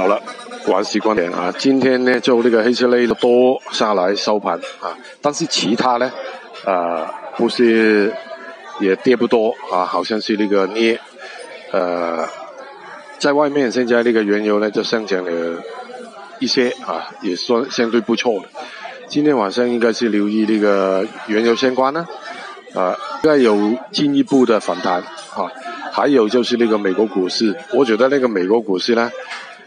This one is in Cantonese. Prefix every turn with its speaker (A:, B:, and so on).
A: 好了，晚市觀點啊！今天呢就這個黑色類的多下來收盤啊，但是其他呢，啊、呃，不是也跌不多啊，好像是那個捏，呃、啊，在外面現在那個原油呢就上漲了一些啊，也算相對不錯的。今天晚上應該是留意那個原油相關呢，啊，應該有進一步的反彈啊。還有就是那個美國股市，我覺得那個美國股市呢。